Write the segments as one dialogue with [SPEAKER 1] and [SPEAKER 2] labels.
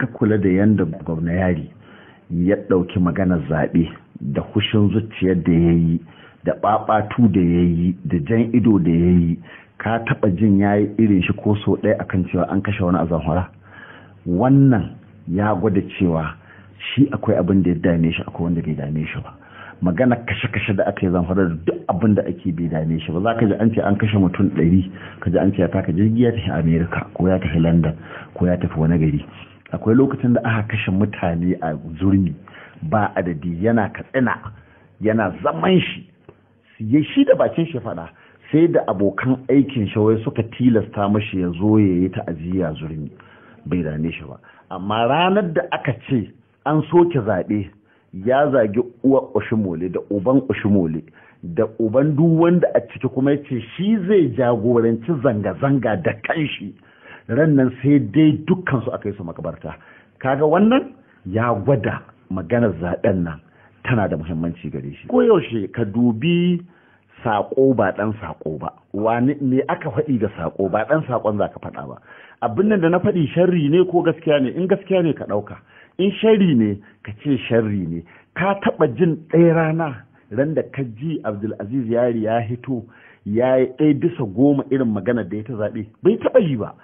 [SPEAKER 1] ka kula da yadda gwamna yari ya ɗauki maganar zaɓe da hushin zuciyar da ya yi da ɓaɓatu da ya yi da jan ido da ya yi ka taɓa jin ya yi irin shi ko so ɗaya akan cewa an kashe wani a zamfara wannan ya gwada cewa shi akwai abin da ya dame shi akwai wanda bai dame shi ba magana kashe-kashe da aka yi zamfara da duk abin da ake bai dame shi ba za ka ji an ce an kashe mutum ɗari ka ji an ce ya taka jirgi ya tafi amerika ko ya tafi Landan ko ya tafi wani gari akwai lokacin da aka kashe mutane a zurmi ba adadi yana katsina yana zaman shi ya shi da bakin shi faɗa sai da abokan aikin shi suka tilasta mashi ya zo ya yi ta'aziyya zurmi bai rane shi ba amma ranar da aka ce an soke zaɓe ya zagi uwa oshimole da uban oshimole da uban duk wanda a ciki kuma ya ce shi zai jagoranci zanga-zanga da kanshi ran sai dai dukkansu aka yi su makabarta kaga wannan ya gwada maganar zaɓen nan tana da muhimmanci gare shi koyaushe ka dubi saƙo ba ɗan saƙo ba wani me aka faɗi da sako ba ɗan saƙon za ka faɗa ba abin nan da na faɗi sharri ne ko gaskiya ne in gaskiya ne ka ɗauka in sharri ne ka ce sharri ne ka taɓa jin ɗaya rana ran da ka ji abdulaziz yari ya hito ya yi ɗaya bisa goma irin maganar da ya ta zaɓe bai taɓa yi ba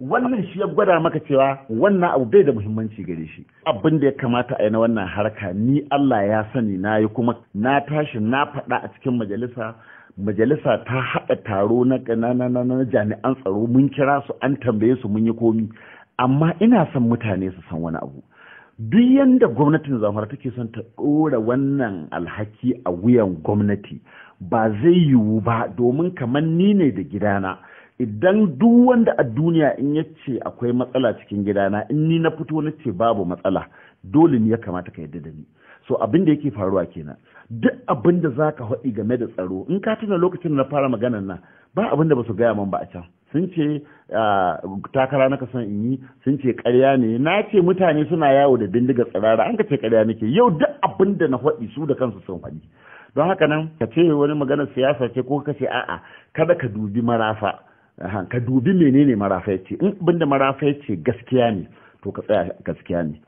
[SPEAKER 1] wannan shi ya gwada maka cewa wannan abu bai da muhimmanci gare shi abin da ya kamata a yi na wannan harka ni Allah ya sani na yi kuma na tashi na faɗa a cikin majalisa majalisa ta haɗa taro na na jami'an tsaro mun kira su an tambaye su mun yi komi amma ina son mutane su san wani abu duk yadda gwamnatin zamfara take son ta ɗora wannan alhaki a wuyan gwamnati ba zai yiwu ba domin kamar ni ne da gidana idan duk wanda a duniya in ya ce akwai matsala cikin gidana in ni na fito na ce babu matsala dole ne ya kamata ka yadda da ni so abin da yake faruwa kenan duk abin da za ka haɗi game da tsaro in ka tuna lokacin da na fara maganar nan ba abin da ba su gaya min ba a can sun ce ah, takara na son in yi sun ce karya ne na ce mutane suna yawo da bindiga tsirara an ka ce karya nake yau duk abin da na faɗi su da kansu sun faɗi don haka nan ka ce wani maganar siyasa ce ko ka ce a'a kada ka dubi marafa ka dubi menene marafai ce in abin da ce gaskiya ne to ka tsaya gaskiya ne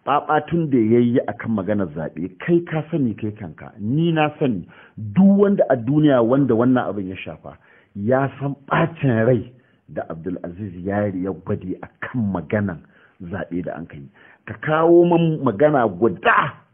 [SPEAKER 1] tun da yayi akan maganar zaɓe kai ka sani kai kanka ni na sani duk wanda a duniya wanda wannan abin ya shafa ya san ɓacin rai da abdulaziz yari ya gwade akan maganan zaɓe da an kai ka kawo man magana guda